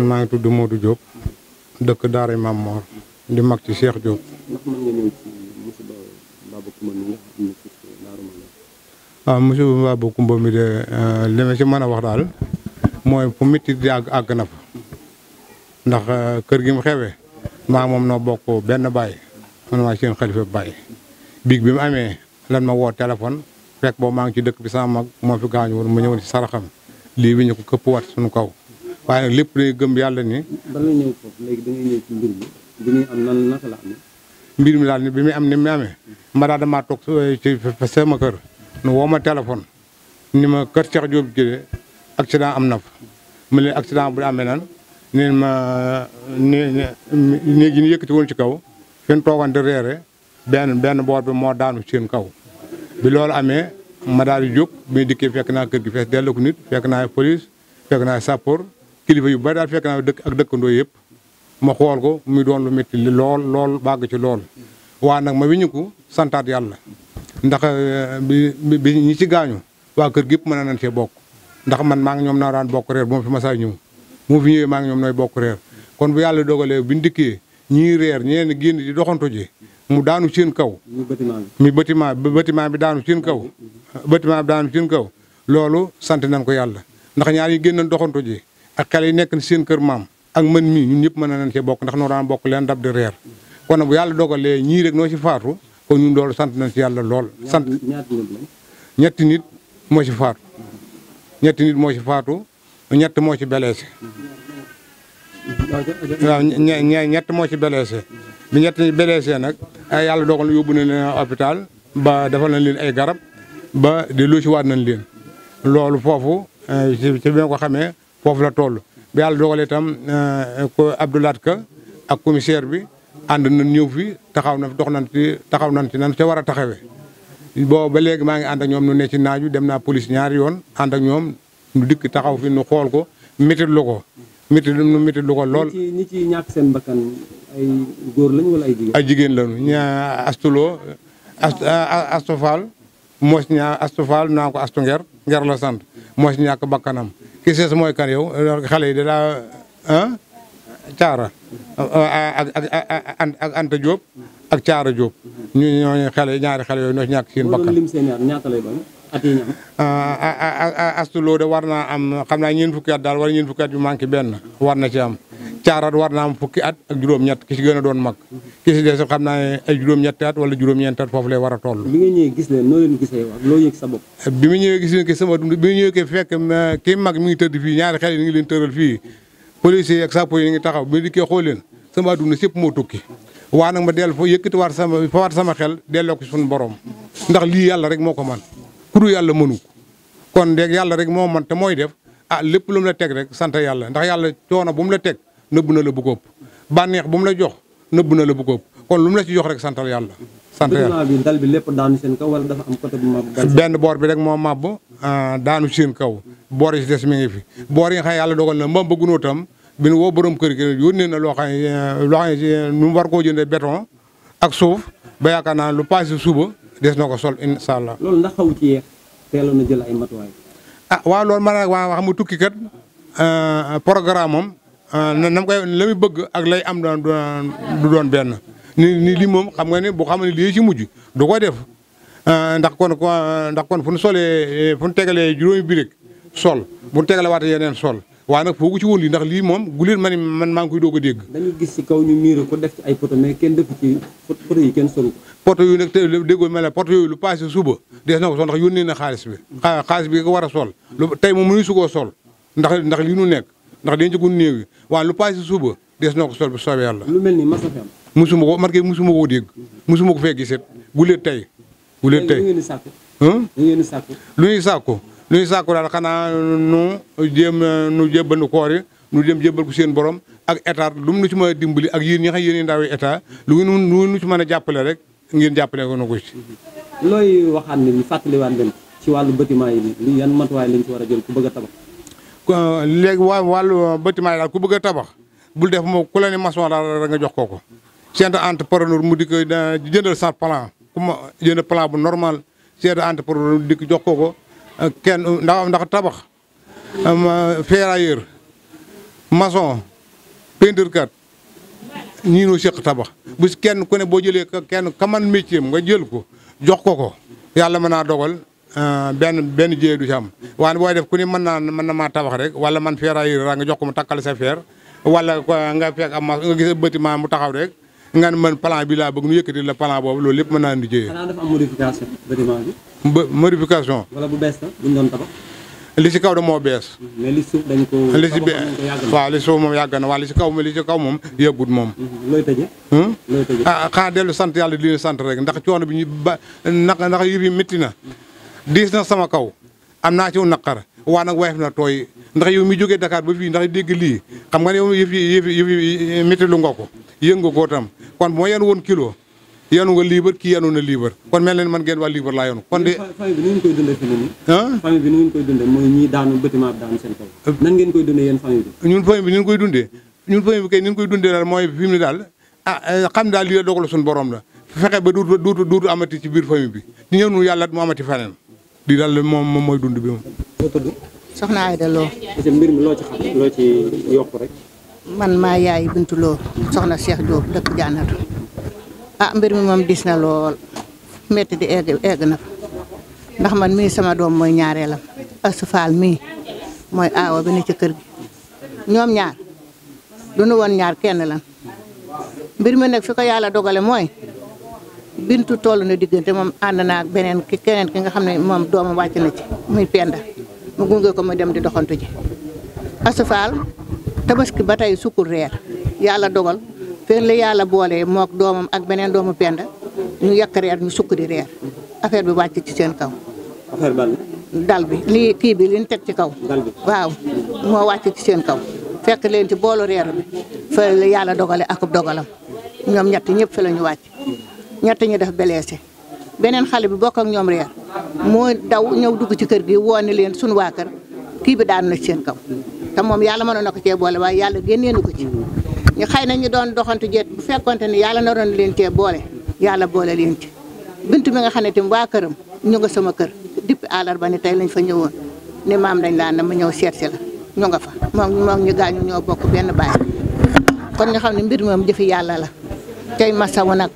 man maa ngi tudd Modou Diop dëkk Daara Mam Mor di ci Cheikh Diop. Ah, euh, mën a wax daal mooy fu métti di euh, kër gi mu xewee maa moom noo bokk benn baay man maa seen xalifa baay biig bi mu amee lan ma woo téléphone fekk boobu maa ngi ci dëkk bi sama mag moo fi gaañu woon mu ñëwoon ci saraxam lii bi ñu ko këpp wat sunu kaw. waaye nag lépp day gëm yàlla ni. mi bi muy am nan naka la mbir mi daal ni bi muy am ni mu amee. ma daal damaa toog ci nu woo ma téléphone. ni ma kër Cheikh Diop jëlee accident am na fa. mu ne accident bu amee nan neen ma ne néeg yi ñu yëkkati ci kaw. fi ñu toogoon di reere benn benn boor bi moo daanu seen kaw. bi loolu amee ma di jóg bi dikkee fekk naa kër gi fees dellu nit fekk naa police fekk naa sapeur. kilifa yu bari daal fekk naa dëkk ak dëkkandoo yëpp ma xool ko mu doon lu métti lool lool bàgg ci lool waa nag ma wiñu ko santaat yàlla ndax eh, bi bi ñi ci gaañu waa kër gépp mën nañ cee bokk ndax man maa ngi ñoom naa daan bokk reer moom fi ma saa ñëw moo fi ñëwee maa ngi ñoom nooy bokk reer kon bu yàlla dogalee bi ndikkee ñii reer ñeen génn di doxantu ji mu daanu seen kaw mi bâtiment bâtiment bi daanu seen kaw bâtiment bi daanu seen kaw loolu sant nañ ko yàlla ndax ñaar yi génn doxantu ak xale yi nekk seen kër maam ak man mii ñun ñëpp mën nañ cee bokk ndax noo bokk leen dab di reer kon nag bu yàlla dogalee ñii rek noo ci faatu kon ñun loolu sant nañ ci yàlla lool sant ñett nit moo ci faatu ñetti nit moo ci faatu ñett moo ci blessé waaw ñett moo ci blessé bi ñett nag ay yàlla dogal yóbbu nañ leen hôpital ba defal nañ leen ay garab ba di lu ci waat nañ leen loolu foofu eh, ci bi ko xamee foofu la toll. bi yàlla dogalee itam euh, ko Abdoulaat Ka ak commissaire bi ànd na ñëw fi taxaw na dox nañ ci taxaw nañ ci nan te war a taxawee. boo ba léegi maa ngi ànd a ñoom nu ne ci naaju dem naa police ñaari yoon ànd ak ñoom nu dikk taxaw fi nu xool ko métit lu ko. métit nu métit lu ko lool. ñi seen bakkan ay góor lañ wala ay jigéen. loo jigéen lañu ñu astuloo astufaal mos naa ko astu nger nger la sant moos ñàkk bakkanam. ki sees mooy kan yow xale yi dalaa ah caara ak ak ak Anta Diop ak caara Diop ñu ñooñu xale ñaari xale yooyu ñoo ci ñàkk seen bakkan Astu Lo de war naa am xam naa ñeen fukki at daal wala ñeent fukki manqué benn war na ci am caarat war naa am fukki at ak juróom-ñett ki si gën a doon mag ki si des xam ay juróom-ñetti at wala juróom-ñeent lay war a toll. bi gis leen noo loo yëg sa bi ma ñëwee gis leen que sama dund bi ma ñëwee que fekk kii mag mi ngi tëdd fii ñaari xel yi ngi leen tëral fii policiers ak sapeurs yi ngi taxaw bi dikkee xool leen sama dund sépp moo tukki waa nag ma dellu fa yëkkati waat sama fa waat sama xel delloo ko suñu borom ndax lii yàlla rek moo ko man ku du yàlla mënu kon rek yàlla rek moo man te mooy def ah lépp lu la teg rek sant yàlla ndax yàlla coono bu mu la teg nëbb na la bu ko ëpp bu mu la jox nëbb na la bu ko kon lu mu la ci jox rek santal yàlla. sant yàlla bi dal bi lépp daanu seen kaw wala dafa am côté bu màbb benn boor bi rek moo màbb ah, daanu seen kaw boor si des mi ngi fi boor yi yàlla dogal na moom bëggunoo tam bi nu woo borom kër gi yónnee na loo xam ne eh, loo xam ne eh, war koo jëndee beton ak suuf ba yaakaar naa lu passé suba. des na ko sol incha allah. loolu ndax xaw ci yeex teeloon na jël ay matuwaay. a ah, waaw loolu man waa xam nga tukki kat euh, programme moom euh, na nam koy la bëgg ak lay am doon du doon benn ni ni li moom xam nga ne bu xam ne lii ci mujj du ko def euh, ndax kon ndax kon fu nu solee fu nu tegalee juróomi birig sol bu nu tegalee yeneen sol. waaye nag foogu ci woon lii ndax lii moom guleen ma man maa ngi koy doog a dégg dañu gis kenn dëkk ci poto yi kenn solu poto yooyu nag te déggoo mel ne poto yooyu lu passé suba dees na ko sol ndax yónnee na xaalis bi mm. xaalis bi ko war a sol tey moom mënuñu su koo sol ndax ndax lii nu nekk ndax dañ jëgoon néew yi waaye lu passé suba dees na ko sol bi soobee yàlla lu mel ni mas na fi am musuma ko marqué musuma koo dégg mm-hmm. musuma ko fekk set guleen tey guleen tey lu ñuy sàkku lu ñu sàkku daal xanaa nu jéem nu jébbandu koor yi nu jëm jébbal ko seen borom ak état lu mu nu ci mën a dimbali ak yéen ñi xam yéen ndaw yi état lu ngeen nu ci mën a jàppale rek ngir jàppale ko na ko ci. looy waxaat ni ñu fàttaliwaat leen ci wàllu bâtiment yi li yan matuwaay lañ ci war a jël ku bëgg a tabax. léegi waa wàllu bâtiment yi daal ku bëgg a tabax bul def moom ku la ne maçon daal nga jox kooku. chef d'entrepreneur mu di ko jëndal sa plan ku ma jënd plan bu normal chef d'entrepreneur di dikk jox ko ko kenn ndax ndax tabax euh, ferrailleur maçon peinture kat ñii ñoo seq tabax bu si kenn ku ne boo jëlee kenn ka man métier nga jël ko jox ko ko yàlla mën naa dogal euh, benn benn jéey du si am waaye booy def ku ne mën naa mën na maa tabax rek wala man ferrailleur ra nga jox ko mu takkal sa fer wala nga a am nga gis bâtiment mu taxaw rek nga ne man plan bi laa bëgg nu yëkkati la plan boobu loolu lépp mën naa indi jëyee. xanaa dafa bu bees li ci kaw moo bees. dañ ko. li ci be moom yàgg na waaw li ci kaw li ci kaw moom yëggut moom. Mhm. looy hmm? ah, ah, dellu sant yàlla di sant rek ndax coono bi ñu ba naka ndax yëf yi métti na. diis na sama kaw am naa ci wu naqar waa nag wayef na tooy ndax yow mi jógee Dakar ba fii ndax dégg xam nga ne yow yëf lu nga ko yëngu ko tam kon moo ma yenu woon kilo yenu nga liibar kii yenu na liibar kon mel leen man ngeen waa liibar laa yenu kon de famille bi ni ngeen koy dundee fi nii ah famille bi ni ngeen koy dundee bi daanu seen koy dundee ñun famille bi ñu koy dundee kay ni ñu koy dundee daal mooy fi mu ne daal ah euh, xam daal la dogal suñu borom la fexe ba duutu duutu duutu amati ci biir famille bi di ñëw yàlla mu amati feneen di daal moom moom mooy dund bi moom soxna Ayda mbir mi loo ci loo ci yokk rek man maa yaay Bintu Lo soxna Cheikh Diop dëkk Jaanatu ah mbir mi moom diis na lool métti di egg egg na fa ndax man mii sama doom mooy ñaareelam asufaal mii mooy aawa ba ne ci kër gi ñoom ñaar du nu woon ñaar kenn lan mbir mi nekk fi ko yàlla dogale mooy bintu toll na diggante moom ànd naa beneen ki keneen ki nga xam ne moom doomam wàcc na ci muy penda mu gunge ko mu dem di doxantu ji asufaal tabaski ba tey sukkul reer yàlla dogal fekk la yàlla boole mook doomam ak beneen doomu penda ñu yàq reer ñu sukk di reer affaire bi wàcc ci seen kaw. affaire bi dal bi lii kii bi li ñu teg ci kaw. waaw moo wàcc ci seen kaw fekk leen ci boolu reer bi fële la yàlla dogale akub dogalam ñoom ñett ñëpp fa la ñu wàcc ñett ñu def blessé beneen xale bi bokk ak ñoom reer moo daw ñëw dugg ci kër gi woone leen suñu waa kër kii bi daan na ci seen kaw. te moom yàlla mënoon na ko cee boole waaye yàlla génnee nu ko ci ñu xëy na ñu doon doxantu jeet bu fekkonte ni yàlla na naroon leen cee boole yàlla boole leen ci bintu bi nga xam ne tam waa këram ñu nga sama kër dipp àllarba ni tey lañ fa ñëwoon ni maam dañ laa ma ñëw seet si la nga fa moom moom ñu gaañu ñoo bokk benn baay kon nga xam ne mbir moom jëfi yàlla la tey masawu nag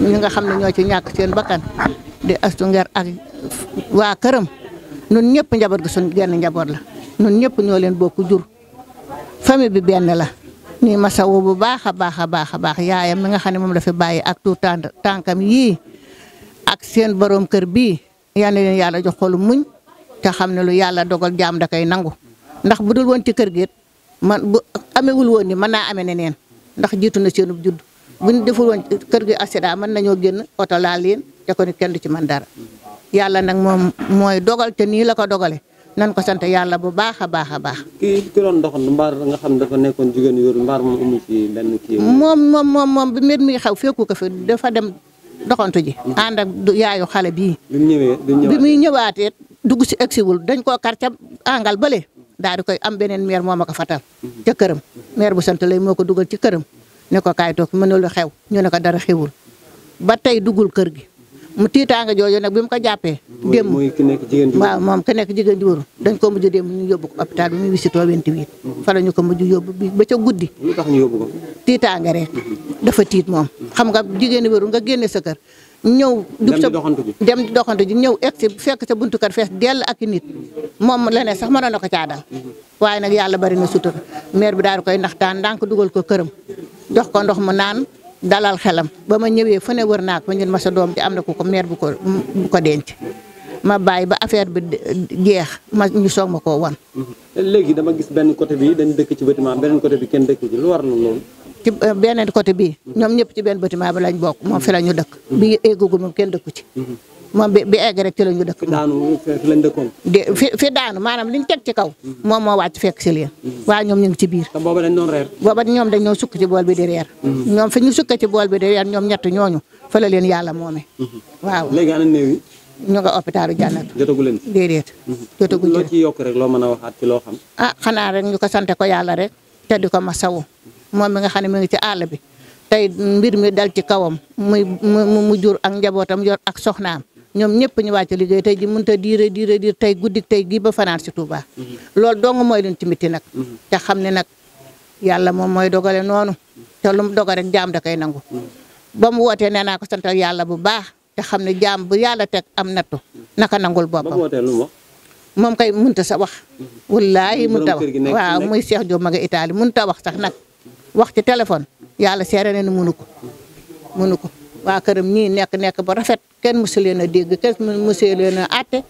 ñi nga xam ne ñoo ci ñàkk seen bakkan di astu nger ak waa këram nun ñëpp njaboot gi suñ genn njaboot la ñun ñëpp ñoo leen bokk jur famille bi benn la nii masawu bu baax a baax a baax a baax yaayam mi nga xam ne moom la fi bàyyi ak tout tànkam yii ak seen borom kër bii yal na leen yàlla jox xolu muñ te xam ne lu yàlla dogal jaam da koy nangu ndax bu dul woon ci kër gi man bu amewul woon ni mën naa amee neen ndax jiitu na seenub judd bu ñu deful woon kër gi accident mën nañoo génn oto laal leen te ko ni kenn du ci man dara yàlla nag moom mooy dogal te nii la ko dogalee nan ko sant yàlla bu baax a baax a baax. ki ki doon doxandu mbaar nga xam dafa nekkoon jigéen yor mbaar moom amu ci lenn kii. moom moom moom moom bi mbir mi xaw fekku ko fi dafa dem doxantu ji. ànd ak yaayu xale bi mu ñëwee bi dugg si egsiwul dañ koo kar ca àngal bële daal di koy am beneen meer moo ma ko fatal. Mhm. ca këram meer bu sant lay moo ko dugal ca këram ne ko kaay toog mënul xew ñu ne ko dara xewul ba tey duggul kër gi. mu tiitaanga jooju nag bi mu ko jàppee. démb waaw moom ki nekk jigéen ji wóoru dañ koo mujj démb ñu yóbbu ko hôpital bi muy wisitoo 28. fa la ñu ko mujj yóbbu bi ba ca guddi. lu tax ñu yóbbu ko. tiitaanga rek mhm. dafa tiit moom xam nga jigéen wóoru nga génne sa kër. ñëw jub sa dem di ji ñëw egg fekk sa buntu kër fees dell ak nit moom la ne sax mënoon na ko caa dal mhm. nag yàlla bari na sutura maire bi daal di koy naxtaan ndànk dugal ko këram jox ko ndox mu naan dalal xelam ba ma ñëwee fu ne wër naa ko ñun ma sa doom ci am na ko ko meer bu ko bu ko denc ma bàyyi ba affaire bi jeex ma ñu soog ma koo wan. léegi dama gis benn côté bi dañ dëkk ci bâtiment beneen côté bi kenn dëkk ci lu war na loolu. Euh, beneen côté bi ñoom ñëpp ci benn bâtiment ba lañ bokk moom fi la ñu dëkk. bi eggagu moom kenn dëkku ci. Mhm. moom bi bi egg rek ci lañu dëkk. fi daanu fi lañ dëkkoon. de fi fi daanu maanaam ci kaw. Mm-hmm. moom moo wàcc fekk si leen. Mm-hmm. waaye ñoom ñu ngi ci biir. te booba dañ doon reer. booba ñoom dañoo sukk ci bool bi di reer. Mm-hmm. ñoom fi ñu sukk ci bool bi di reer ñoom ñett ñooñu fa la leen yàlla moome. waaw léegi ana néew yi. ñu nga hôpitalu jànnat. jotagu leen déedéet. jotagu leen loo ciy yokk rek loo mën a waxaat ci loo xam. ah xanaa rek ñu ko sante ko yàlla rek te di ko masawu moom mi nga xam ne mi ngi ci àll bi tey mbir mi dal ci kawam muy mu jur ak njabootam jot ak soxnaam ñoom ñëpp ñu wàcc liggéey tey ji mënut a diire diire diir tey guddik tey gii ba fanaan si Touba. Mhm. loolu dong mooy luñ ci miti nag. Mhm. te xam ne nag yàlla moom mooy dogale noonu. te lu mu dogal rek jaam da koy nangu. Mhm. ba mu wootee nee naa ko sant yàlla bu baax te xam ne jaam bu yàlla teg am nattu naka nangul boppam. moom kay mënut sa wax. wallaahi mënut a wax waaw muy Cheikh Diop ma nga Italie mënut wax sax nag wax ci téléphone yàlla seere na ne mënu ko mënu ko. waa am ñii nekk nekk ba rafet kenn mësu leen a dégg kenn mësu leen a àtte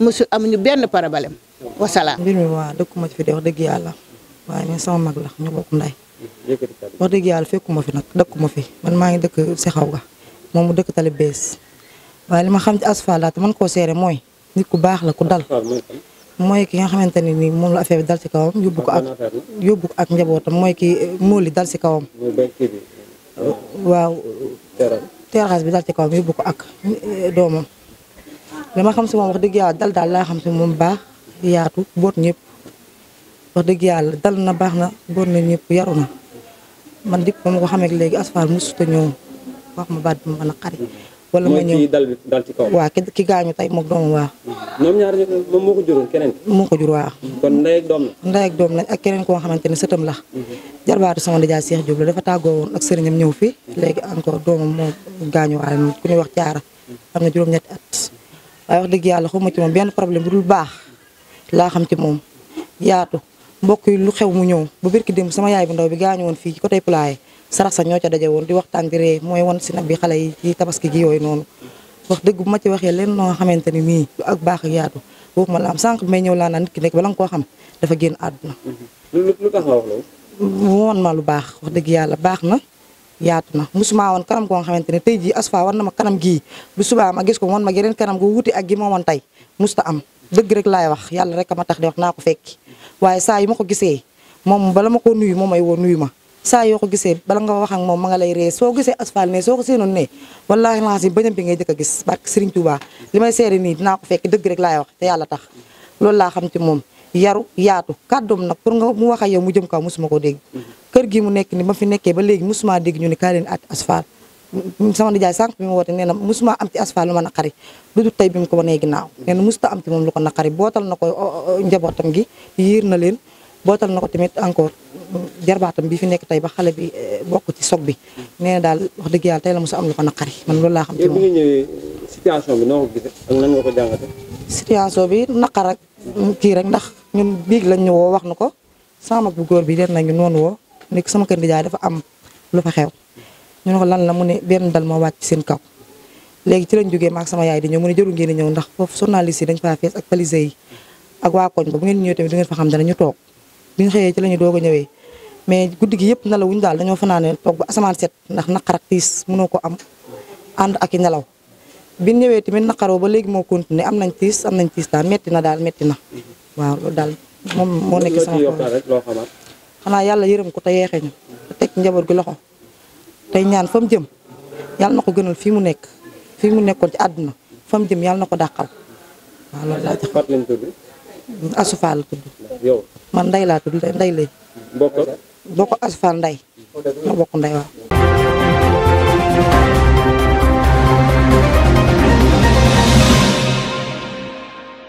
mësu amuñu benn problème wasalaam. mbir mi waa dëkkuma fi de wax dëgg yàlla waaye man sama mag la ñu bokk nday wax dëgg yàlla fekkuma fi nag dëkkuma fi man maa ngi dëkk si xaw ga moom mu dëkk tali bees waaye li ma xam ci asphalte man koo seere mooy nit ku baax la ku dal mooy ki nga xamante ne ni moom la affaire bi dal ci kawam yóbbu ko ak yóbbu njabootam mooy ki móoli dal si kawam waaw terrasse bi dal ci kawam yóbbu ko ak eh, doomam dama xam si moom wax dëgg yàlla dal daal laa xam si moom baax yaatu boot ñëpp wax dëgg yàlla dal na baax na boot na ñépp yaru na man dikk ba ma ko xamee léegi asfaal mosut a ñëw wax ma baat bi ma wala ma ñëw dal ki ki gaañu tey moom doomam waaw. ñoom ko jur waaw. kon ndey doom la. ak lañ ak keneen koo xamante ne sëtam la. Mhm. jarbaatu sama nijaay Cheikh Diop la dafa tàggoo woon ak sëriñam ñëw fii léegi encore doomam moo gaañu waaye ku ñuy wax jaara mhm. am na juróom-ñetti at. waaye wax dëgg yàlla xawma ci moom benn problème bu dul baax laa xam ci moom yaatu mbokk yi lu xew mu ñëw ba biir ki démb sama yaay bu ndaw bi gaañu woon fii côté Playe sarax sa ñoo ca daje woon di waxtaan di ree mooy wan si nag bi xale yi ci tabaski ji yooyu noonu wax dëgg bu ma ci waxee leen noo xamante ni nii ak baax ak yaatu boobu ma am sànq may ñëw laa naa ki nekk bala nga koo xam dafa génn àdduna. lu ma lu baax wax dëgg yàlla baax na yaatu na musuma woon kanam goo nga xamante ne tey jii asfa war na ma kanam gi bu subaa ma gis ko woon ma geneen kanam gu wuti ak gi ma woon tey musta am dëgg rek laay wax yàlla rek a ma tax di wax naa ko fekk waaye saa yi ma ko gisee moom bala ma ko nuyu moom ay woo nuyu ma saa yoo ko gisee bala nga wax ak moom ma nga lay ree soo gisee asfaal ne soo ko seenoon ne wallaahi lancé bañam bi ngay jëkk a gis barke Serigne Touba li may seere nii dinaa ko fekk dëgg rek laay wax te yàlla tax loolu laa xam ci moom yaru yaatu kàddoom nag pour nga mu wax ak yow mu jëm kaw mosuma ko dégg kër gi mu nekk ni ma fi nekkee ba léegi mosuma dégg ñu ne kaa leen at asfaal sama nijaay sànq bi ma woote nee na mosuma am ci asfaal lu ma naqari lu dul ko wanee ginnaaw nee na mosuta am ci moom ko naqari bootal na ko njabootam gi yiir na leen bootal na ko tamit encore jarbaatam bi fi nekk tey ba xale bi eh, bokk ci sook bi nee daal wax dëgg yàlla tey la mos a am ko naqari man loolu laa xam ci bi noo ko kii rek ndax ñu biig lañ ñu woo wax na ko sama mag góor bi leen nañu noonu woo nekk sama kër nijaay dafa am lu fa xew ñu ne ko lan la mu ne benn dal moo wàcc seen kaw. léegi ci lañ jógee maak sama yaay di ñëw mu ne jërul ngeen ñëw ndax foofu journaliste yi dañ faa fees ak police yi ak waa koñ ba bu ngeen ñëwee tamit ngeen fa xam toog bi ñu xëyee ci lañuy ñu doog a ñëwee mais guddi gi yëpp nelaw daal dañoo fanaane toog ba asamaan set ndax naqar ak tiis mënoo ko am ànd ak i nelaw bi ñëwee tamit naqaroo ba léegi moo continué am nañ tiis am nañ tiis daal metti na daal metti waaw loolu daal moom moo nekk sama xanaa yàlla yërëm ko te yeexee ñu te teg njaboot gi loxo tey ñaan fa mu jëm yàlla na ko gënal fii mu nekk fii mu nekkoon ci àdduna fa jëm yàlla na ko dàqal waaw Asoufa la man nday laa tudd nday lay. mbokk mbokk Asoufa nday bokk nday